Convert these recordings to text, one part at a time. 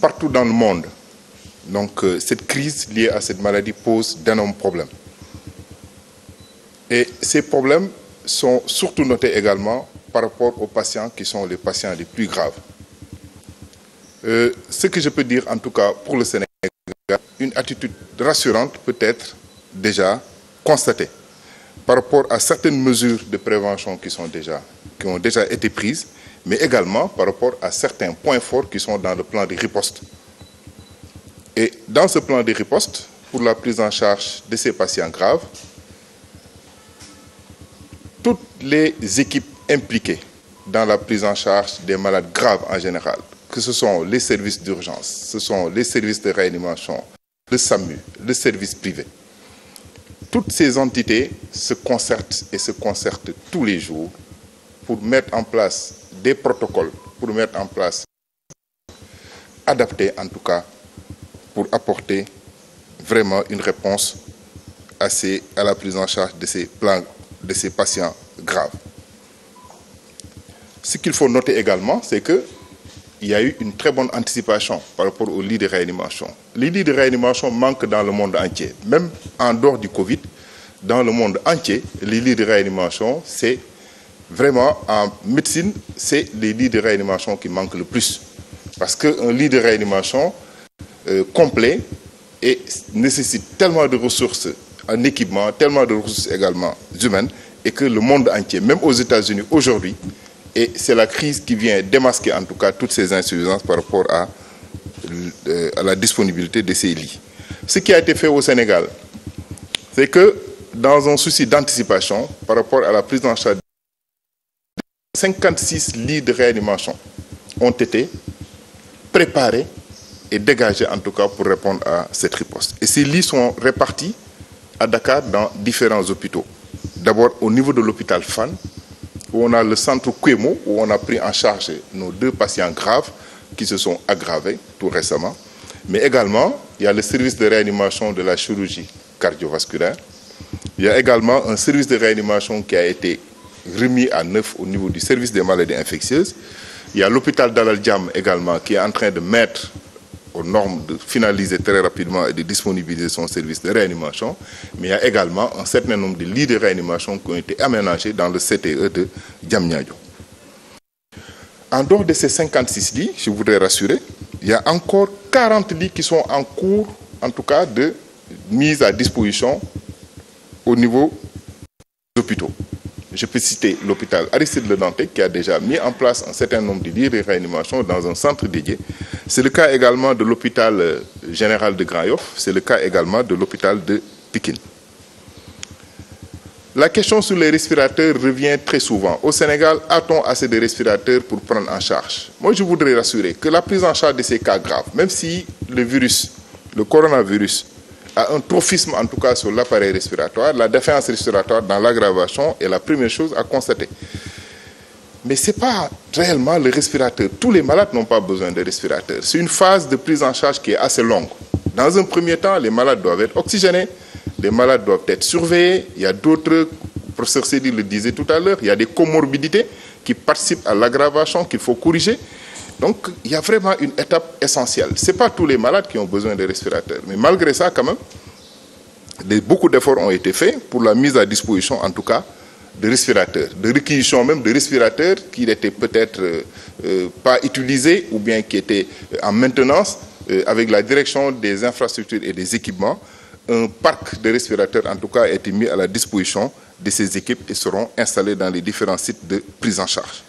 partout dans le monde. Donc euh, cette crise liée à cette maladie pose d'énormes problèmes. Et ces problèmes sont surtout notés également par rapport aux patients qui sont les patients les plus graves. Euh, ce que je peux dire en tout cas pour le Sénégal, une attitude rassurante peut être déjà constatée par rapport à certaines mesures de prévention qui, sont déjà, qui ont déjà été prises mais également par rapport à certains points forts qui sont dans le plan de riposte. Et dans ce plan de riposte, pour la prise en charge de ces patients graves, toutes les équipes impliquées dans la prise en charge des malades graves en général, que ce sont les services d'urgence, ce sont les services de réanimation, le SAMU, le service privé. Toutes ces entités se concertent et se concertent tous les jours pour mettre en place des protocoles pour mettre en place, adaptés en tout cas, pour apporter vraiment une réponse à, à la prise en charge de ces, plans, de ces patients graves. Ce qu'il faut noter également, c'est que il y a eu une très bonne anticipation par rapport aux lits de réanimation. Les lits de réanimation manquent dans le monde entier. Même en dehors du Covid, dans le monde entier, les lits de réanimation, c'est vraiment, en médecine, c'est les lits de réanimation qui manquent le plus. Parce qu'un lit de réanimation euh, complet et nécessite tellement de ressources en équipement, tellement de ressources également humaines, et que le monde entier, même aux États-Unis aujourd'hui, et c'est la crise qui vient démasquer en tout cas toutes ces insuffisances par rapport à, euh, à la disponibilité de ces lits. Ce qui a été fait au Sénégal, c'est que dans un souci d'anticipation par rapport à la prise en charge 56 lits de réanimation ont été préparés et dégagés en tout cas pour répondre à cette riposte. Et ces lits sont répartis à Dakar dans différents hôpitaux. D'abord au niveau de l'hôpital FAN, où on a le centre Quemo, où on a pris en charge nos deux patients graves qui se sont aggravés tout récemment. Mais également, il y a le service de réanimation de la chirurgie cardiovasculaire. Il y a également un service de réanimation qui a été remis à neuf au niveau du service des maladies infectieuses. Il y a l'hôpital d'Al-Djam également qui est en train de mettre aux normes, de finaliser très rapidement et de disponibiliser son service de réanimation. Mais il y a également un certain nombre de lits de réanimation qui ont été aménagés dans le CTE de Djamnyadjo. En dehors de ces 56 lits, je voudrais rassurer, il y a encore 40 lits qui sont en cours, en tout cas, de mise à disposition au niveau des hôpitaux. Je peux citer l'hôpital Aristide Le Dantec qui a déjà mis en place un certain nombre de lits de réanimation dans un centre dédié. C'est le cas également de l'hôpital euh, général de Grand c'est le cas également de l'hôpital de Pékin. La question sur les respirateurs revient très souvent. Au Sénégal, a-t-on assez de respirateurs pour prendre en charge Moi, je voudrais rassurer que la prise en charge de ces cas graves, même si le virus, le coronavirus, a un trophisme en tout cas sur l'appareil respiratoire. La défense respiratoire dans l'aggravation est la première chose à constater. Mais ce n'est pas réellement le respirateur. Tous les malades n'ont pas besoin de respirateur. C'est une phase de prise en charge qui est assez longue. Dans un premier temps, les malades doivent être oxygénés, les malades doivent être surveillés. Il y a d'autres, le professeur le disait tout à l'heure, il y a des comorbidités qui participent à l'aggravation qu'il faut corriger. Donc, il y a vraiment une étape essentielle. Ce n'est pas tous les malades qui ont besoin de respirateurs. Mais malgré ça, quand même, beaucoup d'efforts ont été faits pour la mise à disposition, en tout cas, de respirateurs, de réquisition même de respirateurs qui n'étaient peut-être euh, euh, pas utilisés ou bien qui étaient euh, en maintenance avec la direction des infrastructures et des équipements. Un parc de respirateurs, en tout cas, a été mis à la disposition de ces équipes et seront installés dans les différents sites de prise en charge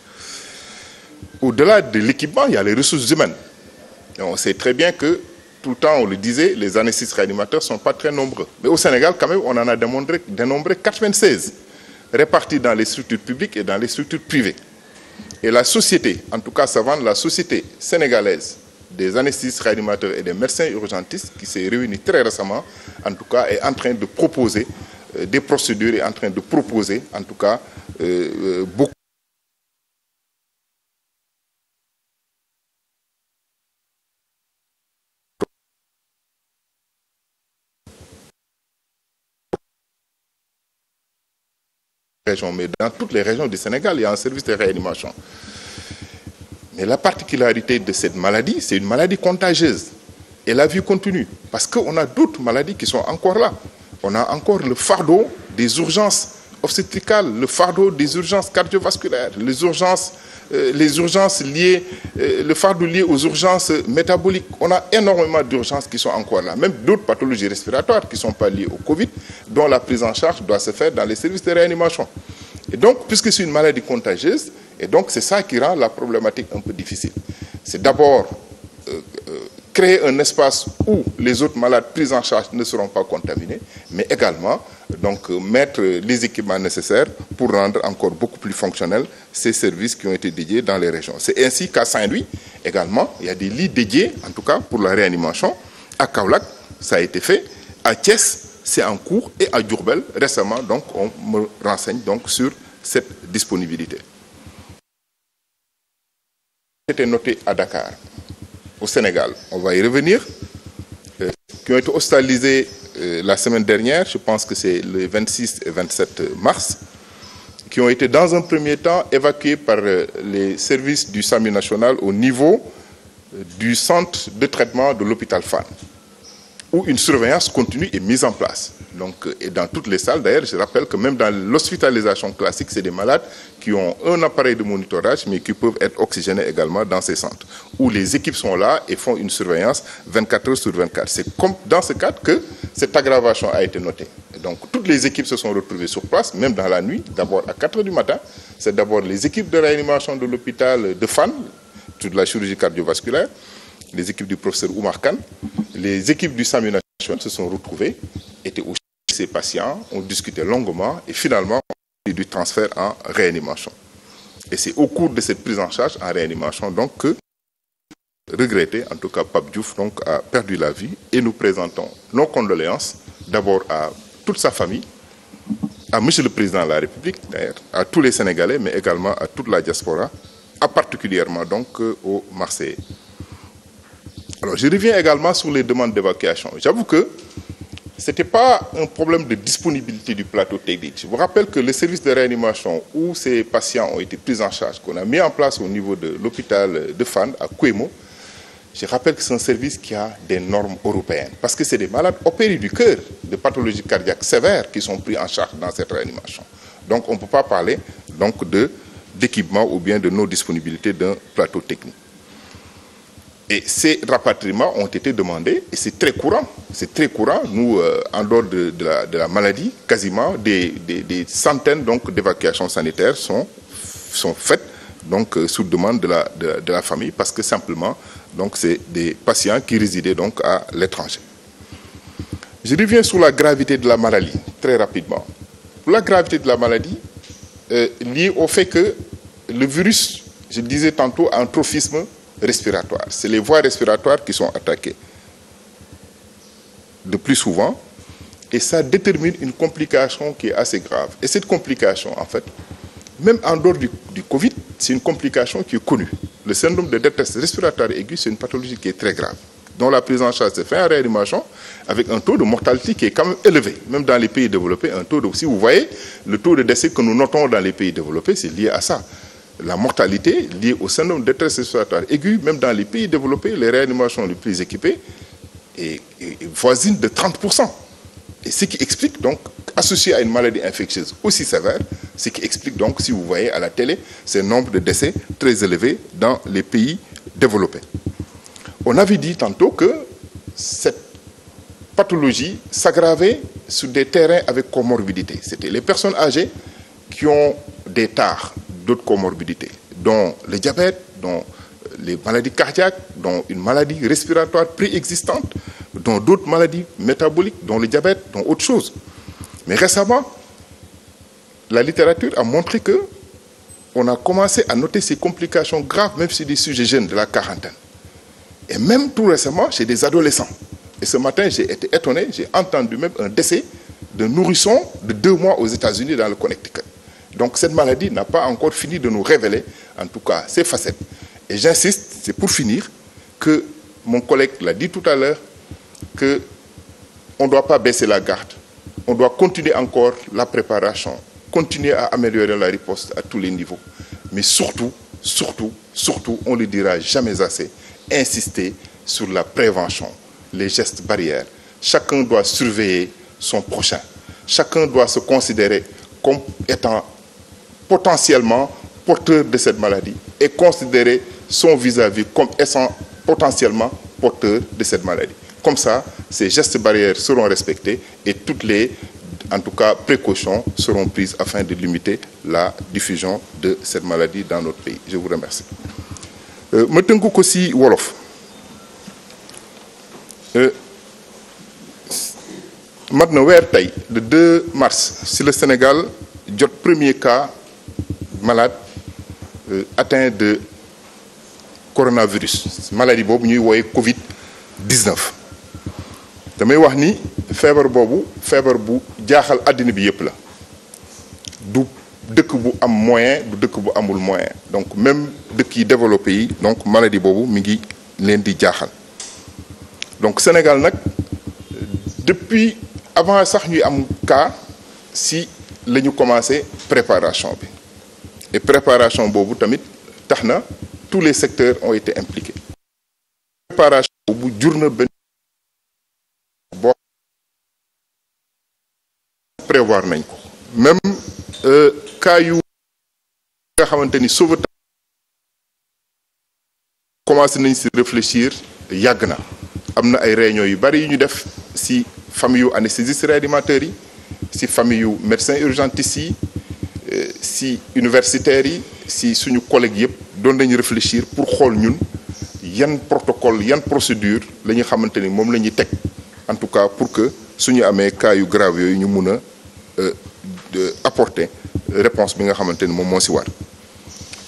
au-delà de l'équipement, il y a les ressources humaines. on sait très bien que, tout le temps, on le disait, les anesthésistes réanimateurs ne sont pas très nombreux. Mais au Sénégal, quand même, on en a dénombré, dénombré 96, répartis dans les structures publiques et dans les structures privées. Et la société, en tout cas savante, la société sénégalaise des anesthésistes réanimateurs et des médecins urgentistes, qui s'est réunie très récemment, en tout cas, est en train de proposer euh, des procédures, et en train de proposer, en tout cas, euh, euh beaucoup. mais dans toutes les régions du Sénégal, il y a un service de réanimation. Mais la particularité de cette maladie, c'est une maladie contagieuse. Et la vie continue, parce qu'on a d'autres maladies qui sont encore là. On a encore le fardeau des urgences obstétricales, le fardeau des urgences cardiovasculaires, les urgences euh, les urgences liées, euh, le fardeau lié aux urgences métaboliques. On a énormément d'urgences qui sont encore là. Même d'autres pathologies respiratoires qui ne sont pas liées au Covid, dont la prise en charge doit se faire dans les services de réanimation. Et donc, puisque c'est une maladie contagieuse, et donc c'est ça qui rend la problématique un peu difficile. C'est d'abord créer un espace où les autres malades pris en charge ne seront pas contaminés, mais également donc, euh, mettre les équipements nécessaires pour rendre encore beaucoup plus fonctionnels ces services qui ont été dédiés dans les régions. C'est ainsi qu'à Saint-Louis, également, il y a des lits dédiés, en tout cas pour la réanimation. À Kaulak, ça a été fait. À Thiès, c'est en cours. Et à Djurbel, récemment, donc, on me renseigne donc, sur cette disponibilité. C'était noté à Dakar au Sénégal. On va y revenir. Euh, qui ont été hospitalisés euh, la semaine dernière, je pense que c'est le 26 et 27 mars, qui ont été dans un premier temps évacués par euh, les services du SAMU national au niveau du centre de traitement de l'hôpital FAN où une surveillance continue est mise en place. Donc, euh, et dans toutes les salles, d'ailleurs, je rappelle que même dans l'hospitalisation classique, c'est des malades qui ont un appareil de monitorage, mais qui peuvent être oxygénés également dans ces centres, où les équipes sont là et font une surveillance 24 heures sur 24. C'est dans ce cadre que cette aggravation a été notée. donc, toutes les équipes se sont retrouvées sur place, même dans la nuit, d'abord à 4 heures du matin. C'est d'abord les équipes de réanimation de l'hôpital de FAN, de la chirurgie cardiovasculaire, les équipes du professeur Oumar Khan, les équipes du SAMU national se sont retrouvées, étaient au ses patients, ont discuté longuement et finalement on a du transfert en réanimation. Et c'est au cours de cette prise en charge en réanimation donc que regretté, en tout cas Pape Diouf a perdu la vie et nous présentons nos condoléances d'abord à toute sa famille, à M. le Président de la République d'ailleurs, à tous les Sénégalais mais également à toute la diaspora, à particulièrement donc euh, aux Marseillais je reviens également sur les demandes d'évacuation. J'avoue que ce n'était pas un problème de disponibilité du plateau technique. Je vous rappelle que le service de réanimation où ces patients ont été pris en charge, qu'on a mis en place au niveau de l'hôpital de Fan à Cuemo, je rappelle que c'est un service qui a des normes européennes. Parce que c'est des malades opérés du cœur, de pathologies cardiaques sévères qui sont pris en charge dans cette réanimation. Donc on ne peut pas parler d'équipement ou bien de nos disponibilités d'un plateau technique. Et ces rapatriements ont été demandés, et c'est très courant, c'est très courant, nous, euh, en dehors de, la, maladie, quasiment des, centaines d'évacuations sanitaires sont, faites donc, euh, sous demande de la, famille, parce que simplement, c'est des patients qui résidaient donc à l'étranger. Je reviens sur la gravité de la maladie, très rapidement. la gravité de la maladie, euh, liée au fait que le virus, je le disais tantôt, a un trophisme respiratoires. C'est les voies respiratoires qui sont attaquées le plus souvent et ça détermine une complication qui est assez grave. Et cette complication, en fait, même en dehors du, Covid, c'est une complication qui est connue. Le syndrome de détresse respiratoire aiguë, c'est une pathologie qui est très grave, dont la prise en charge se fait en réanimation avec un taux de mortalité qui est quand même élevé. Même dans les pays développés, un taux de... Si vous voyez, le taux de décès que nous notons dans les pays développés, c'est lié à ça la mortalité liée au syndrome de détresse respiratoire aiguë, même dans les pays développés, les réanimations les plus équipées, est, voisine de 30%. Et ce qui explique donc, associé à une maladie infectieuse aussi sévère, ce qui explique donc, si vous voyez à la télé, ce nombre de décès très élevé dans les pays développés. On avait dit tantôt que cette pathologie s'aggravait sur des terrains avec comorbidité. C'était les personnes âgées qui ont des tares, d'autres comorbidités, dont le diabète, dont euh, les maladies cardiaques, dont une maladie respiratoire préexistante, dont d'autres maladies métaboliques, dont le diabète, dont autre chose. Mais récemment, la littérature a montré que on a commencé à noter ces complications graves, même chez des sujets jeunes de la quarantaine. Et même tout récemment, chez des adolescents. Et ce matin, j'ai été étonné, j'ai entendu même un décès de nourrisson de deux mois aux États-Unis dans le Connecticut. Donc cette maladie n'a pas encore fini de nous révéler, en tout cas, ses facettes. Et j'insiste, c'est pour finir, que mon collègue l'a dit tout à l'heure, qu'on ne doit pas baisser la garde. On doit continuer encore la préparation, continuer à améliorer la riposte à tous les niveaux. Mais surtout, surtout, surtout, on ne le dira jamais assez, insister sur la prévention, les gestes barrières. Chacun doit surveiller son prochain. Chacun doit se considérer comme étant potentiellement porteur de cette maladie et considérer son vis-à-vis comme étant potentiellement porteur de cette maladie. Comme ça, ces gestes barrières seront respectés et toutes les, en tout cas, précautions seront prises afin de limiter la diffusion de cette maladie dans notre pays. Je vous remercie. Euh, ma wolof euh, le 2 mars si le Sénégal le premier cas malades euh, atteints de coronavirus maladie bobu, ñuy Covid 19. damay wax ni fièvre bobu fièvre bu jaaxal bi yépp la du dëkk bu am moyen du dëkk bu amul moyen donc même dëkk yi développé yi donc maladie bobu, mi ngi di jaaxal donc Sénégal depuis avant sax ñuy am cas si les commencé commencé préparation et préparation bobu tamit taxna tous les secteurs ont été impliqués préparation boobu journa na prévoir nañ ko même euh yu nga xamanteni ni sauvetage commencé nañ si réfléchir yagna, amna ay réunions yu bari yu ñu def ci famille anesthésistes réanimateurs yi ci famille médecins urgentistes yi euh, si universitaires si suñu collègues yépp doon nañu réfléchir pour xool ñun yan protocole yan procédure lañu ñu mom ni moom en tout cas pour que suñu amé cas yu grave yoy ñu mun a euh, apporter réponse bi nga xamante mom moom moo si war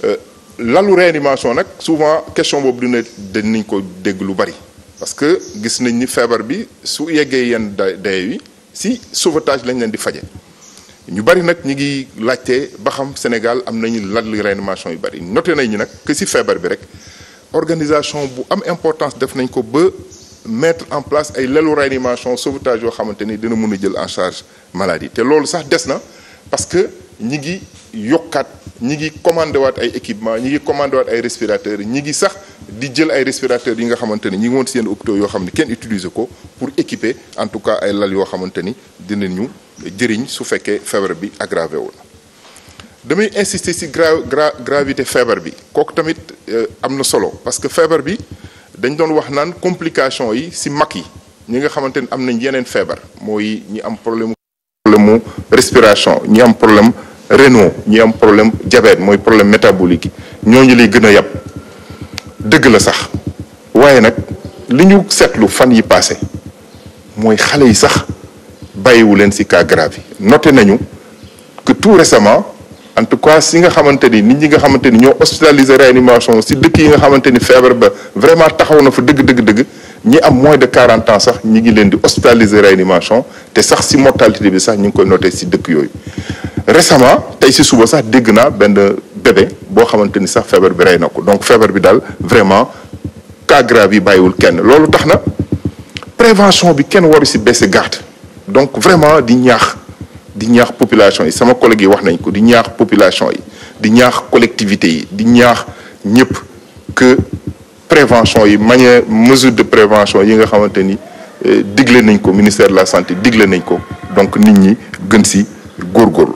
euh, lalu réanimation nak souvent question bobu dina dinañ ko dégg lu bari parce que gis nañ ni fièvre bi su yeggee yenn day wi si sauvetage lañ leen di fajé ñu bari nak ñi ngi laajte ba xam Sénégal am nañu li réanimation yu bari noté nañu nak que ci fièvre bi rek organisation bu am importance def nañ ko ba mettre en place ay lelu réanimation sauvetage yo xamanteni dina mën jël en charge maladie té loolu sax des na parce que ñi ngi yokkat ñi ngi commandé waat ay équipement ñi ngi commandé waat ay respirateurs ñi ngi sax di jël ay respirateurs yi nga xamanteni ñi ngi woon ci yenn hôpitaux yo xam kenn utiliser ko pour équiper en tout cas ay lal yo xamanteni ni dinañu jëriñ su fekkee fièvre bi aggravé wul damay insister sur la gravité fièvre bi kooku tamit euh, solo parce que fièvre bi dañ complication yi ñi problème problème respiration ñi am problème ñi un problème diabète mooy problème métabolique lay a la sax waaye nag li ñu fan yi passé bàyyiwu leen si cas grave yi noté nañu que tout récemment en tout cas si nga xamante ni nit ñi nga xamante ni ñoo hospitalisé réanimation si dëkk yi nga xamante ni feebar ba vraiment taxaw na fa dëgg dëgg dëgg ñi am mois de 40 ans sax ñi ngi leen di hospitalisé réanimation te sax si mortalité bi sax ñu ngi koy noté si dëkk yooyu. récemment tey si suba sax dégg naa benn bébé boo xamante ni sax feebar bi rey na ko donc feebar bi daal vraiment cas grave yi kenn loolu tax na prévention bi kenn waru si baissé garde. donc vraiment di ñaax di ñaax population yi sama collègue yi wax nañ ko di ñaax population yi di ñaax collectivité yi di ñaax ñëpp que prévention yi manière mesure de prévention yi nga xamante ni euh, digle nañ ko ministère de la santé digle nañ ko donc nit ñi gën si góorgóorlu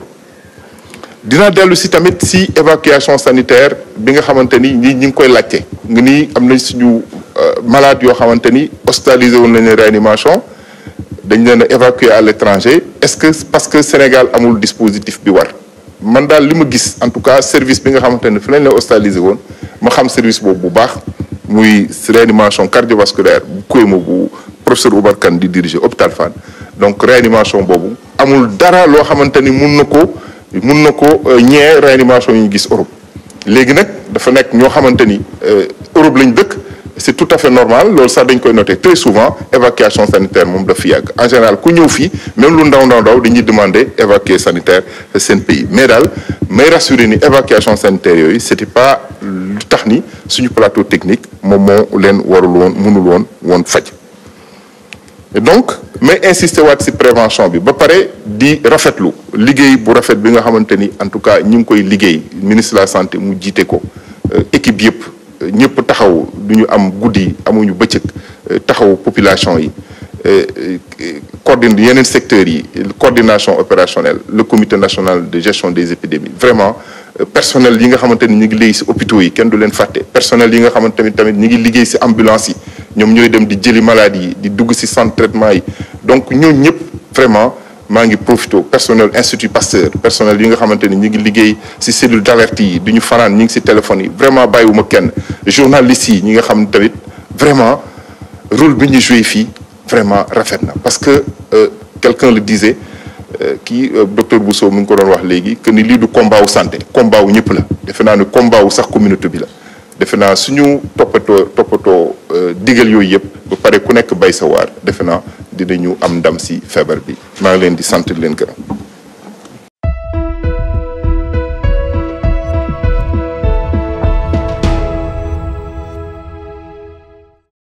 dinaa dellu si tamit si évacuation sanitaire bi nga xamante ni ñi ñi ngi koy laajte ni am nañ suñu euh, malade yoo xamante ni hospitalisé woon nañ réanimation dañ leen a évacuer à l'étranger est-ce que parce que Sénégal amul dispositif bi war man daal li ma gis en tout cas service bi nga xamante ne fi lañ la hospitalisé woon ma xam service boobu bu baax muy réanimation cardiovasculaire bu Koyma bu professeur Oumar Kane di diriger hôpital Fan donc réanimation boobu amul dara loo xamante ni mun na ko mun na ko euh, ñee réanimation yi ñu gis Europe léegi nag dafa nekk ñoo xamante ni euh, Europe lañ dëkk c'est tout à fait normal loolu ça, dañ koy noter très souvent évacuation sanitaire moom dafa en général ku ñëw fii même lu ndaw ndaw ndaw dañuy demander évacuer sanitaire seen pays mais là, mais rassurez ni évacuation sanitaire yooyu c'était pas lu tax ni suñu plateau technique l'un ou l'autre, warul woon mënul woon woon Et donc mais insister sur ci prévention bi ba dit di rafetlu liggéey bu rafet bi nga xamante en tout cas ñu quoi, koy liggéey ministre de la santé mu dit ko euh, équipe yëpp ñëpp taxaw duñu am goudi amuñu bëccëg euh, taxaw population yi euh, euh, coordine yenen secteur yi coordination opérationnelle le comité national de gestion des épidémies vraiment personnel yi nga xamanteni ñi ngi liggéey ci hôpitaux yi kenn du leen faté personnel yi nga xamanteni tamit ñi ngi liggéey ci ambulance yi ñom ñoy dem di jëli malade yi di dugg ci centre traitement yi donc ñoo ñëpp vraiment mangi profito personnel institut Pasteur personnel yi nga xamanteni ñi ngi liggéey si cellule d' alerte yi du ñu fanaan ñu ngi ci téléphone yi vraiment bayiwuma kenn journaliste yi ñi nga xam tamit vraiment rôle bi ñu joué fi vraiment rafet na parce que euh, quelqu'un le disait qui euh, euh, docteur Bousso mu ngi ko doon wax légui que ni li du combat au santé combat wu ñëpp la defe naa ne combat wu sax communauté bi la defe naa suñu topato topato digël yoy yëpp bu paré ku nekk bay sa waar dinañu am ndam si feebar bi maa ngi leen di sant leen gërëm.